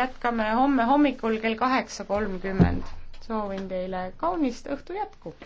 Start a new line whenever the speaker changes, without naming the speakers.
jätkame homme hommikul kell kaheksa kolmkümmend. soovin teile kaunist õhtu jätku!